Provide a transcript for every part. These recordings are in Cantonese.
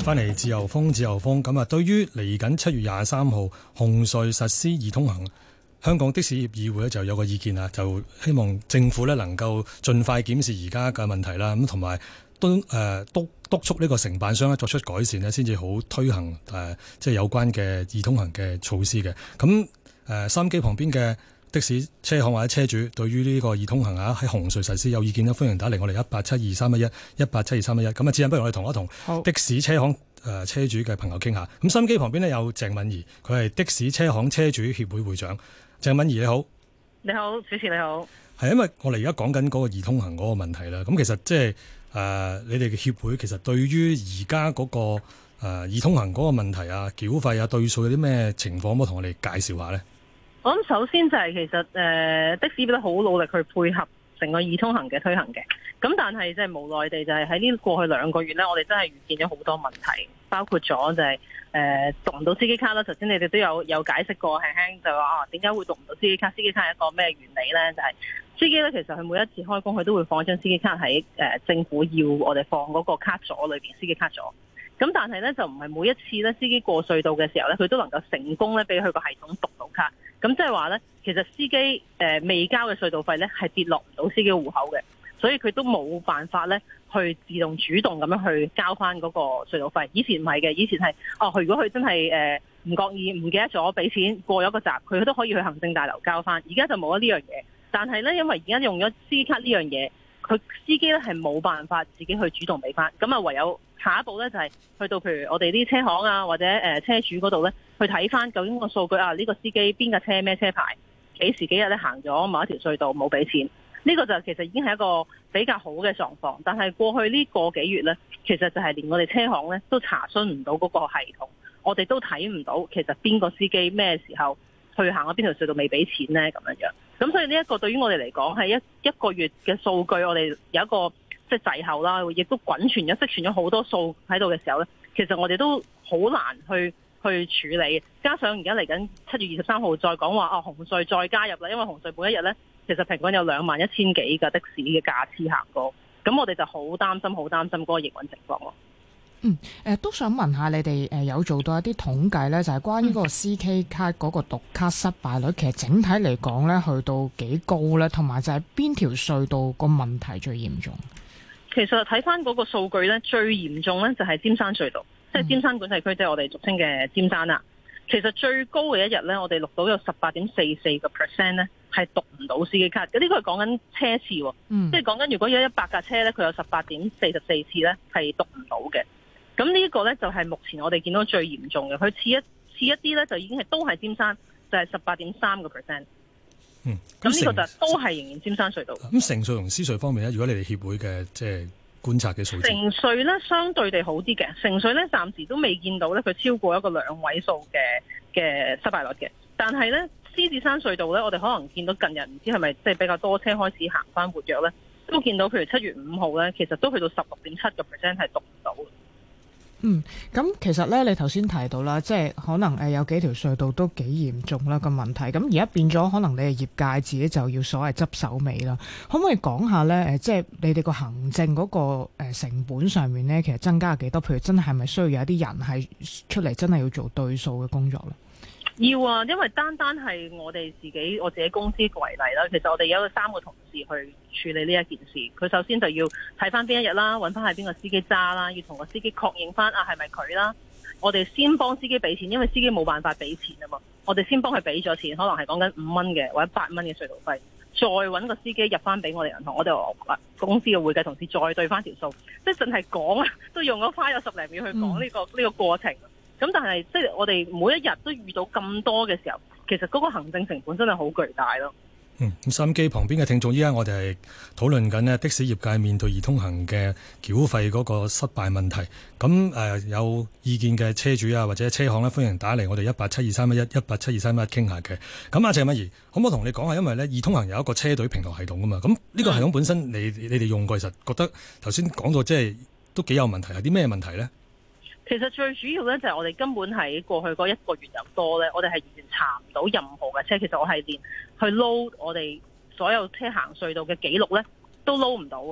翻嚟自由風，自由風咁啊！對於嚟緊七月廿三號紅隧實施易通行，香港的士業議會呢就有個意見啊，就希望政府呢能夠盡快檢視而家嘅問題啦，咁同埋督督促呢個承辦商作出改善呢，先至好推行誒即係有關嘅易通行嘅措施嘅。咁誒三機旁邊嘅。的士車行或者車主對於呢個易通行啊喺紅隧實施有意見咧，歡迎打嚟我哋一八七二三一一一八七二三一一咁啊，主不如我哋同一同的士車行誒、呃、車主嘅朋友傾下。咁收音機旁邊呢，有鄭敏怡，佢係的士車行車主協會會長。鄭敏怡你好。你好，主持你好。係因為我哋而家講緊嗰個易通行嗰個問題啦。咁其實即係誒，你哋嘅協會其實對於而家嗰個誒、呃、易通行嗰個問題啊，繳費啊，對數有啲咩情況，可唔可同我哋介紹下呢？我諗首先就係其實誒的士都好努力去配合成個易通行嘅推行嘅，咁但係即係無奈地就係喺呢過去兩個月呢，我哋真係遇見咗好多問題，包括咗就係、是、誒、呃、讀唔到司機卡啦。頭先你哋都有有解釋過輕輕就話啊，點解會讀唔到司機卡？司機卡係一個咩原理呢？就係、是、司機呢，其實佢每一次開工佢都會放一張司機卡喺誒、呃、政府要我哋放嗰個卡座裏面，司機卡座。咁但係咧就唔係每一次咧，司機過隧道嘅時候咧，佢都能夠成功咧，俾佢個系統讀到卡。咁即係話咧，其實司機誒未交嘅隧道費咧，係跌落唔到司機戶口嘅，所以佢都冇辦法咧去自動主動咁樣去交翻嗰個隧道費。以前唔係嘅，以前係哦，如果佢真係誒唔覺意唔記得咗俾錢過咗個閘，佢都可以去行政大樓交翻。而家就冇咗呢樣嘢。但係咧，因為而家用咗司機卡呢樣嘢，佢司機咧係冇辦法自己去主動俾翻，咁啊唯有。下一步呢，就係去到譬如我哋啲車行啊，或者誒車主嗰度呢，去睇翻究竟個數據啊，呢個司機邊架車咩車牌幾時幾日咧行咗某一條隧道冇俾錢？呢個就其實已經係一個比較好嘅狀況。但係過去呢個幾月呢，其實就係連我哋車行呢都查詢唔到嗰個系統，我哋都睇唔到其實邊個司機咩時候去行咗邊條隧道未俾錢呢。咁樣樣。咁所以呢一個對於我哋嚟講係一一個月嘅數據，我哋有一個。即係滯後啦，亦都滾存咗，積存咗好多數喺度嘅時候呢。其實我哋都好難去去處理。加上而家嚟緊七月二十三號再講話啊，紅、哦、隧再加入啦，因為紅隧每一日呢，其實平均有兩萬一千幾架的，的士嘅架次行過，咁我哋就好擔心，好擔心嗰個營運情況咯。嗯、呃，都想問下你哋誒、呃、有做到一啲統計呢？就係、是、關於個 C K 卡嗰個讀卡失敗率，嗯、其實整體嚟講呢，去到幾高呢？同埋就係邊條隧道個問題最嚴重？其實睇翻嗰個數據咧，最嚴重咧就係尖山隧道，即係尖山管制區，即係我哋俗稱嘅尖山啦。其實最高嘅一日咧，我哋錄到有十八點四四個 percent 咧，係讀唔到司機卡。咁呢個係講緊車次喎，即係講緊如果有一百架車咧，佢有十八點四十四次咧係讀唔到嘅。咁呢個咧就係目前我哋見到最嚴重嘅。佢似一次一啲咧，就已經係都係尖山，就係十八點三個 percent。嗯，咁呢個就都係仍然尖山隧道。咁城隧同獅隧方面咧，如果你哋協會嘅即係觀察嘅數字，城隧咧相對地好啲嘅，城隧咧暫時都未見到咧佢超過一個兩位數嘅嘅失敗率嘅。但係咧獅子山隧道咧，我哋可能見到近日唔知係咪即係比較多車開始行翻活躍咧，都見到譬如七月五號咧，其實都去到十六點七個 percent 係讀唔到。嗯，咁其實咧，你頭先提到啦，即係可能誒有幾條隧道都幾嚴重啦個問題，咁而家變咗可能你嘅業界自己就要所謂執手尾啦。可唔可以講下咧？誒，即係你哋個行政嗰個誒成本上面咧，其實增加幾多？譬如真係咪需要有一啲人係出嚟真係要做對數嘅工作咧？要啊，因為單單係我哋自己，我自己公司個為例啦。其實我哋有三個同事去處理呢一件事。佢首先就要睇翻邊一日啦，搵翻係邊個司機揸啦，要同個司機確認翻啊係咪佢啦。我哋先幫司機畀錢，因為司機冇辦法畀錢啊嘛。我哋先幫佢畀咗錢，可能係講緊五蚊嘅或者八蚊嘅隧道費。再搵個司機入翻畀我哋銀行，我哋公司嘅會計同事再對翻條數，即係淨係講啊都用咗花咗十零秒去講呢、呢個呢、嗯呢個過程。咁但係即係我哋每一日都遇到咁多嘅時候，其實嗰個行政成本真係好巨大咯。嗯，收音機旁邊嘅聽眾，依家我哋係討論緊呢的士業界面對易通行嘅繳費嗰個失敗問題。咁誒、呃，有意見嘅車主啊，或者車行咧，歡迎打嚟我哋一八七二三一一八七二三一，傾下嘅。咁阿鄭敏怡，可唔可以同你講下？因為呢，易通行有一個車隊平台系統噶嘛。咁呢個系統本身你，你你哋用過，其實覺得頭先講到即係都幾有問題，係啲咩問題呢？其實最主要呢，就係我哋根本喺過去嗰一個月有多呢。我哋係完全查唔到任何嘅車。其實我係連去 load 我哋所有車行隧道嘅記錄呢都 load 唔到。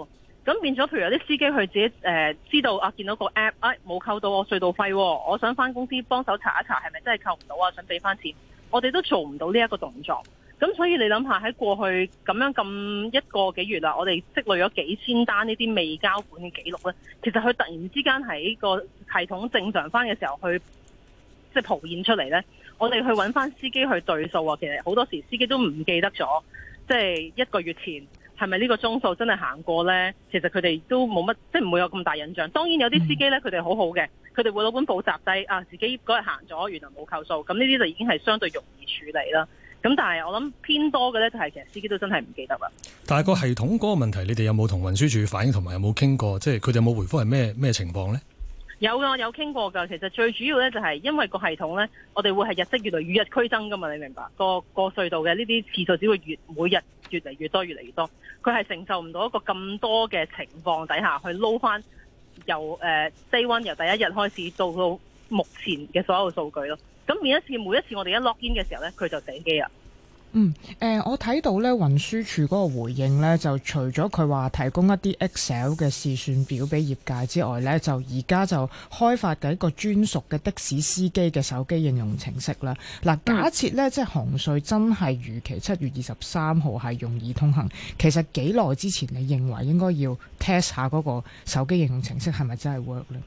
咁變咗，譬如有啲司機佢自己誒知道啊，見到個 app，啊冇扣到我隧道費，我想翻公司幫手查一查係咪真係扣唔到啊，想俾翻錢，我哋都做唔到呢一個動作。咁所以你諗下喺過去咁樣咁一個幾月啦，我哋積累咗幾千單呢啲未交款嘅記錄呢，其實佢突然之間喺個系統正常翻嘅時候去即係浮現出嚟呢，我哋去揾翻司機去對數啊。其實好多時司機都唔記得咗，即係一個月前係咪呢個鐘數真係行過呢？其實佢哋都冇乜，即係唔會有咁大印象。當然有啲司機呢，佢哋好好嘅，佢哋會攞本補習劑啊，自己嗰日行咗，原來冇扣數。咁呢啲就已經係相對容易處理啦。咁但係我諗偏多嘅呢，就係其實司機都真係唔記得啦。但係個系統嗰個問題，你哋有冇同運輸署反映，同埋有冇傾過？即係佢哋有冇回覆係咩咩情況呢？有噶，有傾過噶。其實最主要呢，就係因為個系統呢，我哋會係日積月累，與日俱增噶嘛。你明白？個個隧道嘅呢啲次數只會越每日越嚟越多，越嚟越多。佢係承受唔到一個咁多嘅情況底下去撈翻由誒 day one 由第一日開始到到目前嘅所有數據咯。咁每一次，每一次我哋一 log in 嘅時候咧，佢就停機啦。嗯，誒、呃，我睇到咧，運輸署嗰個回應咧，就除咗佢話提供一啲 Excel 嘅試算表俾業界之外咧，就而家就開發緊一個專屬嘅的士司機嘅手機應用程式啦。嗱、啊，假設咧、嗯，即係紅隧真係預期七月二十三號係易通行，其實幾耐之前你認為應該要 test 下嗰個手機應用程式係咪真係 work 咧？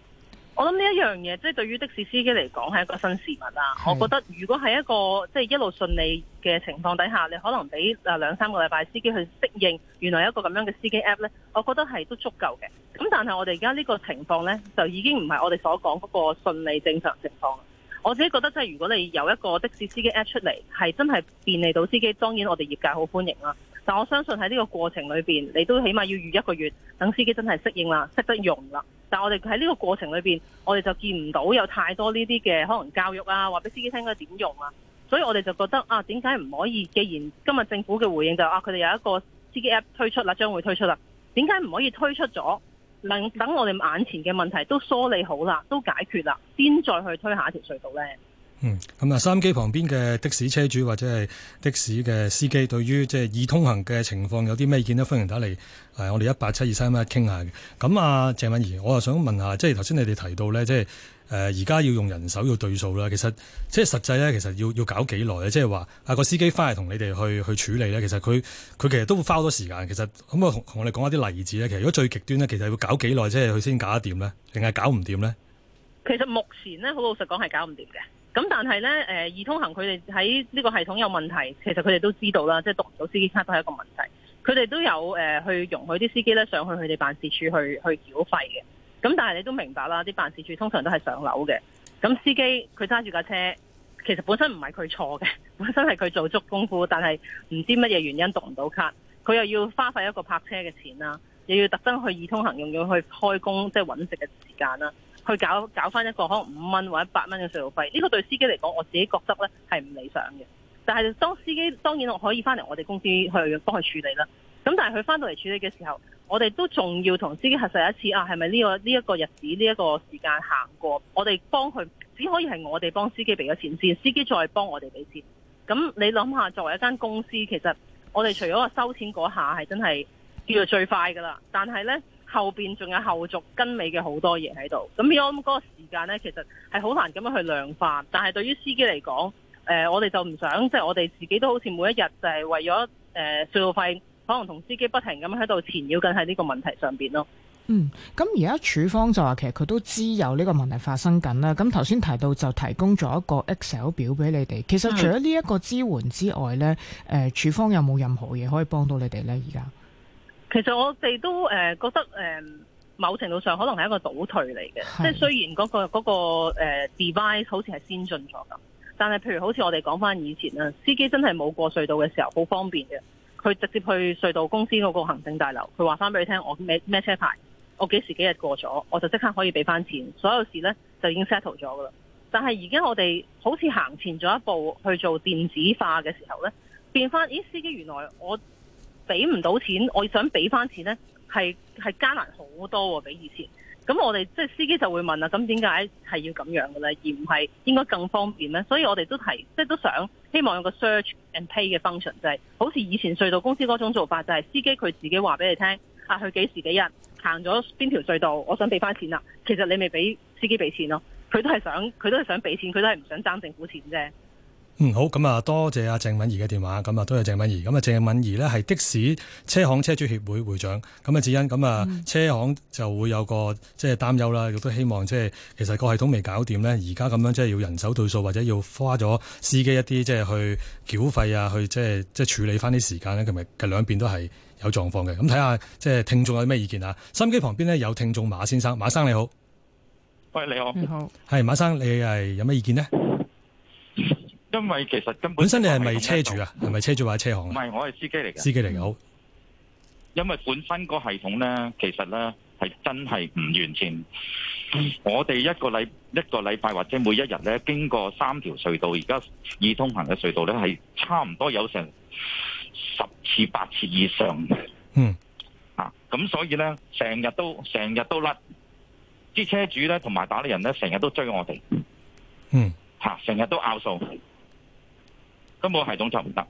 我諗呢一樣嘢，即係對於的士司機嚟講，係一個新事物啦。我覺得如果係一個即係一路順利嘅情況底下，你可能俾誒兩三個禮拜司機去適應，原來一個咁樣嘅司機 app 呢，我覺得係都足夠嘅。咁但係我哋而家呢個情況呢，就已經唔係我哋所講嗰個順利正常情況。我自己覺得，即係如果你有一個的士司機 app 出嚟，係真係便利到司機，當然我哋業界好歡迎啦。但我相信喺呢個過程裏面，你都起碼要預一個月，等司機真係適應啦，識得用啦。但我哋喺呢個過程裏面，我哋就見唔到有太多呢啲嘅可能教育啊，話俾司機聽應該點用啊。所以我哋就覺得啊，點解唔可以，既然今日政府嘅回應就係、啊，佢哋有一個司機 App 推出啦，將會推出啦。點解唔可以推出咗，能等我哋眼前嘅問題都梳理好啦，都解決啦，先再去推下一條隧道呢。嗯，咁啊，三機旁邊嘅的、的士車主或者係的士嘅司機，對於即係易通行嘅情況有啲咩意見呢？歡迎打嚟，誒、啊，我哋一八七二三一傾下嘅。咁啊，鄭敏怡，我又想問下，即係頭先你哋提到咧，即係誒而家要用人手要對數啦。其實即係實際咧，其實要要搞幾耐咧？即係話啊，個司機翻嚟，同你哋去去處理咧，其實佢佢其實都會花好多時間。其實可唔可以同我哋講一啲例子咧。其實如果最極端咧，其實要搞幾耐，即係佢先搞得掂咧，定係搞唔掂咧？其實目前咧，好老實講係搞唔掂嘅。咁但係呢，誒易通行佢哋喺呢個系統有問題，其實佢哋都知道啦，即係讀唔到司機卡都係一個問題。佢哋都有誒去容許啲司機咧上去佢哋辦事處去去繳費嘅。咁但係你都明白啦，啲辦事處通常都係上樓嘅。咁司機佢揸住架車，其實本身唔係佢錯嘅，本身係佢做足功夫，但係唔知乜嘢原因讀唔到卡，佢又要花費一個泊車嘅錢啦，又要特登去易通行，用要去開工即係揾食嘅時間啦。去搞搞翻一個可能五蚊或者八蚊嘅稅務費，呢個對司機嚟講，我自己覺得呢係唔理想嘅。但係當司機當然我可以翻嚟我哋公司去幫佢處理啦。咁但係佢翻到嚟處理嘅時候，我哋都仲要同司機核實一次啊，係咪呢個呢一個日子呢一個時間行過？我哋幫佢只可以係我哋幫司機畀咗錢先，司機再幫我哋畀錢。咁你諗下作為一間公司，其實我哋除咗話收錢嗰下係真係叫做最快噶啦，但係呢。後邊仲有後續跟尾嘅好多嘢喺度，咁而我諗嗰個時間呢，其實係好難咁樣去量化。但係對於司機嚟講，誒、呃，我哋就唔想即係、就是、我哋自己都好似每一日就係為咗誒隧道費，可能同司機不停咁喺度纏繞緊喺呢個問題上邊咯。嗯，咁而家署方就話其實佢都知有呢個問題發生緊啦。咁頭先提到就提供咗一個 Excel 表俾你哋。其實除咗呢一個支援之外、呃、有有呢，誒，署方有冇任何嘢可以幫到你哋呢？而家？其實我哋都誒、呃、覺得誒、呃，某程度上可能係一個倒退嚟嘅，即係雖然嗰、嗰個嗰、嗰個誒、呃、device 好似係先進咗，但係譬如好似我哋講翻以前，司機真係冇過隧道嘅時候好方便嘅，佢直接去隧道公司嗰個行政大樓，佢話翻俾你聽我咩咩車牌，我時幾時幾日過咗，我就即刻可以俾翻錢，所有事呢就已經 settle 咗噶啦。但係而家我哋好似行前咗一步去做電子化嘅時候呢，變翻咦司機原來我。俾唔到錢，我想俾翻錢呢，係係艱難好多、啊、比以前。咁我哋即係司機就會問啦，咁點解係要咁樣嘅咧？而唔係應該更方便呢？所以我哋都提，即都想希望有個 search and pay 嘅 function，就係、是、好似以前隧道公司嗰種做法，就係、是、司機佢自己話俾你聽，啊，去幾時幾日行咗邊條隧道，我想畀翻錢啦、啊。其實你咪俾司機畀錢咯、啊，佢都係想，佢都係想俾錢，佢都係唔想爭政府錢啫。嗯，好，咁啊，多謝阿鄭敏怡嘅電話，咁啊，多謝鄭敏怡，咁啊，鄭敏怡呢係的士車行車主協會會長，咁啊，智恩，咁、嗯、啊，車行就會有個即係擔憂啦，亦都希望即係其實個系統未搞掂呢。而家咁樣即係要人手對數，或者要花咗司機一啲即係去繳費啊，去即係即係處理翻啲時間呢，咁咪嘅兩邊都係有狀況嘅，咁睇下即係聽眾有咩意見啊？收音機旁邊呢，有聽眾馬先生，馬生你好，喂，你好，你、嗯、好，係馬生，你係有咩意見呢？因為其實根本是本身你係咪車主啊？係咪車主或者車行？唔係，我係司機嚟嘅。司機嚟嘅，好。因為本身個系統咧，其實咧係真係唔完善。我哋一個禮一個禮拜或者每一日咧，經過三條隧道，而家易通行嘅隧道咧係差唔多有成十次、八次以上。嗯。啊，咁所以咧，成日都成日都甩，啲車主咧同埋打的人咧成日都追我哋。嗯。吓、啊，成日都拗數。根本個系統就唔得。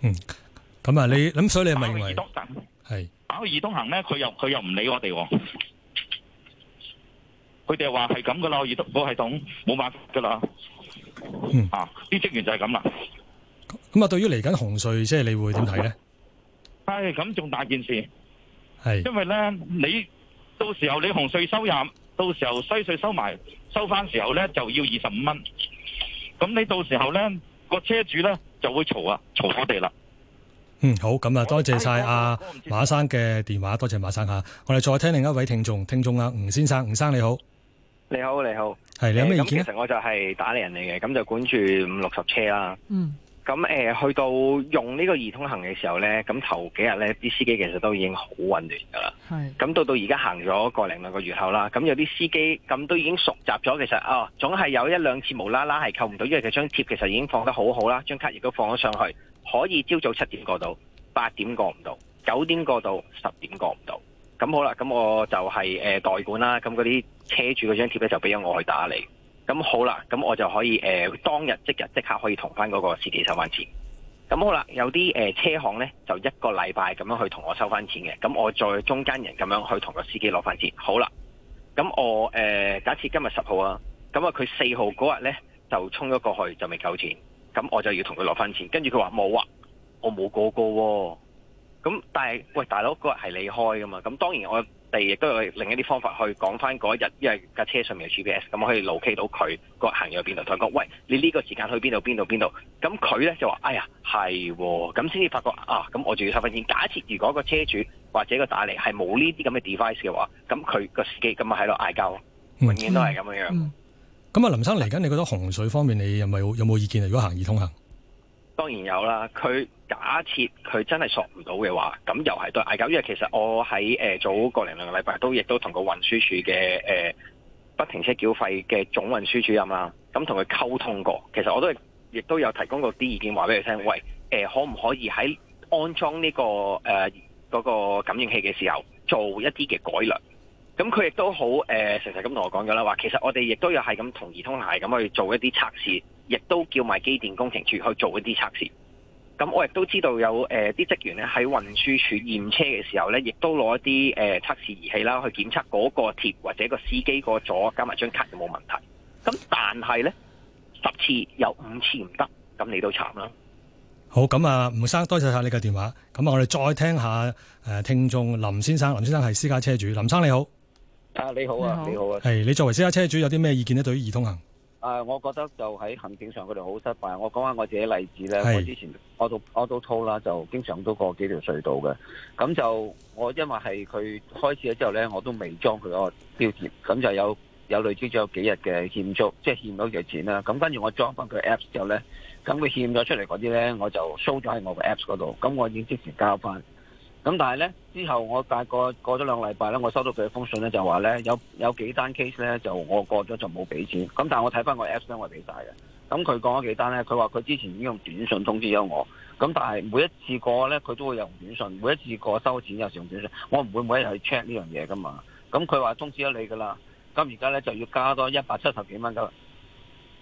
嗯，咁啊，你諗，所以你係咪認為係？搞個易通行咧，佢又佢又唔理我哋，啊，佢哋話係咁噶啦，易通個系統冇辦法噶啦。嗯，啊，啲職員就係咁啦。咁啊，對於嚟緊紅隧，即係你會點睇咧？唉，咁仲大件事係，因為咧，你到時候你紅隧收入，到時候西隧收埋收翻時候咧，就要二十五蚊。咁你到時候咧？個車主咧就會嘈啊，嘈我哋啦。嗯，好，咁啊，多謝晒阿馬生嘅電話，多謝馬生吓。我哋再聽另一位聽眾，聽眾啊，吳先生，吳生你好。你好，你好。係你有咩意見？咁其實我就係打理人嚟嘅，咁就管住五六十車啦。嗯。咁誒、呃、去到用呢個易通行嘅時候呢，咁頭幾日呢啲司機其實都已經好混亂㗎啦。係。咁到到而家行咗個零兩個月後啦，咁有啲司機咁都已經熟習咗，其實啊、哦、總係有一兩次無啦啦係扣唔到，因為佢張貼其實已經放得好好啦，張卡亦都放咗上去，可以朝早七點過到，八點過唔到，九點過到，十點過唔到。咁好啦，咁我就係、是呃、代管啦，咁嗰啲車主嗰張貼咧就俾咗我去打理。咁好啦，咁我就可以誒、呃、當日即日即刻可以同翻嗰個司機收翻錢。咁好啦，有啲誒、呃、車行呢，就一個禮拜咁樣去同我收翻錢嘅，咁我再中間人咁樣去同個司機攞翻錢。好啦，咁我誒、呃、假設今日十號啊，咁啊佢四號嗰日呢，就衝咗過去就未夠錢，咁我就要同佢攞翻錢。跟住佢話冇啊，我冇過過喎、哦。咁但係喂，大佬嗰日係你開㗎嘛？咁當然我。第亦都有另一啲方法去講翻嗰日，因為架車上面有 GPS，咁我可以路 K 到佢個行路喺邊度。佢講：喂，你呢個時間去邊度？邊度？邊度？咁佢咧就話：哎呀，係喎、哦。咁先至發覺啊。咁我仲要收分錢。假設如果個車主或者個打嚟係冇呢啲咁嘅 device 嘅話，咁佢個司機咁啊喺度嗌交，永遠都係咁樣樣。咁、嗯、啊、嗯，林生嚟緊，你覺得洪水方面，你有冇有冇意見啊？如果行易通行？當然有啦，佢假設佢真係索唔到嘅話，咁又係對嗌交。因為其實我喺、呃、早個零兩個禮拜都亦都同個運輸處嘅、呃、不停車繳費嘅總運輸主任啊，咁同佢溝通過。其實我都係亦都有提供過啲意見話俾佢聽，喂，呃、可唔可以喺安裝呢、呢個誒嗰、呃嗰個感應器嘅時候做一啲嘅改良？咁佢亦都好誒誠實咁同我講咗啦，話其實我哋亦都要係咁同易通行咁去做一啲測試。亦都叫埋機電工程處去做一啲測試，咁我亦都知道有誒啲職員咧喺運輸處驗車嘅時候咧，亦都攞一啲誒測試儀器啦去檢測嗰個貼或者個司機個咗，加埋張卡有冇問題。咁但係咧十次有五次唔得，咁你都慘啦。好，咁啊，吳生多謝晒你嘅電話。咁啊，我哋再聽下誒、呃、聽眾林先生，林先生係私家車主，林生你好。啊，你好啊，你好，你好啊。係、hey, 你作為私家車主有啲咩意見咧？對於易通行？啊、uh，我覺得就喺行政上嗰度好失敗。我講下我自己例子咧，我之前我到我到都啦，就經常都過幾條隧道嘅。咁就我因為係佢開始咗之後咧，我都未裝佢嗰個標貼。咁就有有類似咗幾日嘅欠租，即係欠咗嘅錢啦。咁跟住我裝翻佢 Apps 之後咧，咁佢欠咗出嚟嗰啲咧，我就 show 咗喺我個 Apps 嗰度，咁我已經即時交翻。咁但係咧，之後我大概過咗兩個禮拜咧，我收到佢嘅封信咧，就話咧有有幾單 case 咧，就我過咗就冇俾錢。咁但係我睇翻個 app 咧，我俾晒嘅。咁佢講咗幾單咧，佢話佢之前已經用短信通知咗我。咁但係每一次過咧，佢都會有用短信。每一次過收錢錢又用短信。我唔會每日去 check 呢樣嘢噶嘛。咁佢話通知咗你噶啦。咁而家咧就要加多一百七十幾蚊嘅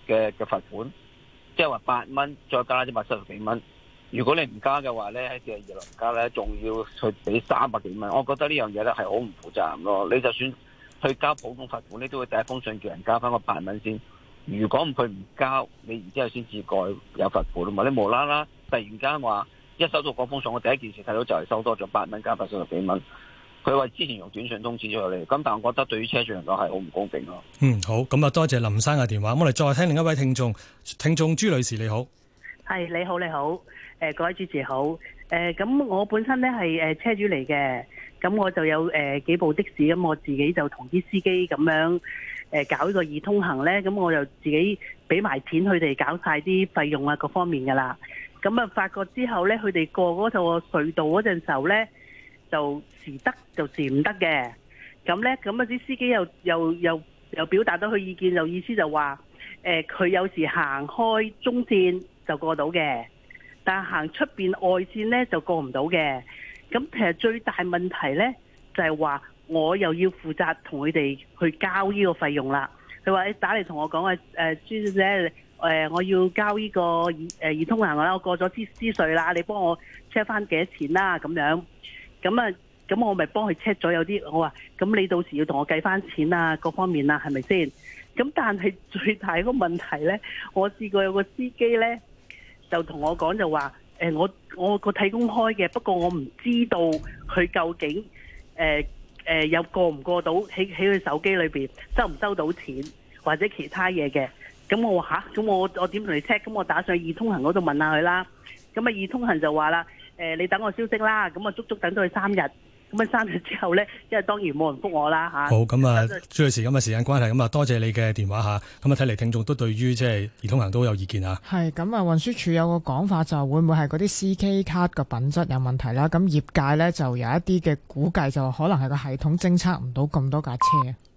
嘅罰款，即係話八蚊再加一百七十幾蚊。如果你唔加嘅話咧，喺四十二輪加咧，仲要去俾三百幾蚊，我覺得呢樣嘢咧係好唔負責任咯。你就算去交普通罰款咧，都會第一封信叫人交翻個八蚊先。如果佢唔交，你然之後先至改有罰款啦嘛。你無啦啦突然間話一收到嗰封信，我第一件事睇到就係收多咗八蚊，加八十幾蚊。佢話之前用短信通知咗你，咁但係我覺得對於車主嚟講係好唔公平咯。嗯，好，咁啊多謝林生嘅電話。我哋再聽另一位聽眾，聽眾朱女士你好，係，你好你好。你好。誒，各位主持好。誒，咁我本身咧係誒車主嚟嘅，咁我就有誒幾部的士，咁我自己就同啲司機咁樣誒搞呢個易通行咧，咁我就自己俾埋錢佢哋搞晒啲費用啊各方面噶啦。咁啊，發覺之後咧，佢哋過嗰度隧道嗰陣時候咧，就時得就時唔得嘅。咁咧，咁啊啲司機又又又又表達咗佢意見，就意思就話誒，佢有時行開中線就過到嘅。但行出邊外線咧就過唔到嘅，咁其實最大問題咧就係話我又要負責同佢哋去交呢個費用啦。佢話你打嚟同我講啊，誒，先生，誒，我要交呢個易誒、呃、易通行啦，我過咗支支稅啦，你幫我 check 翻幾多錢啦咁樣，咁啊，咁我咪幫佢 check 咗有啲，我話咁你到時要同我計翻錢啊，各方面啦，係咪先？咁但係最大一個問題咧，我試過有個司機咧。就同我講就話，誒我我個睇公開嘅，不過我唔知道佢究竟誒誒、呃呃、有過唔過到，喺喺佢手機裏邊收唔收到錢或者其他嘢嘅。咁我話嚇，咁、啊、我我點同你 check？咁我打上易通行嗰度問下佢啦。咁啊，易通行就話啦，誒、呃、你等我消息啦。咁啊，足足等咗佢三日。咁啊，生咗之後咧，因為當然冇人覆我啦好咁、嗯、啊，朱女士，咁啊時間關係，咁啊多謝你嘅電話下咁啊睇嚟聽眾都對於即係易通行都有意見啊。係咁啊，運輸處有個講法就會唔會係嗰啲 C K 卡嘅品質有問題啦？咁業界咧就有一啲嘅估計就可能係個系統偵測唔到咁多架車。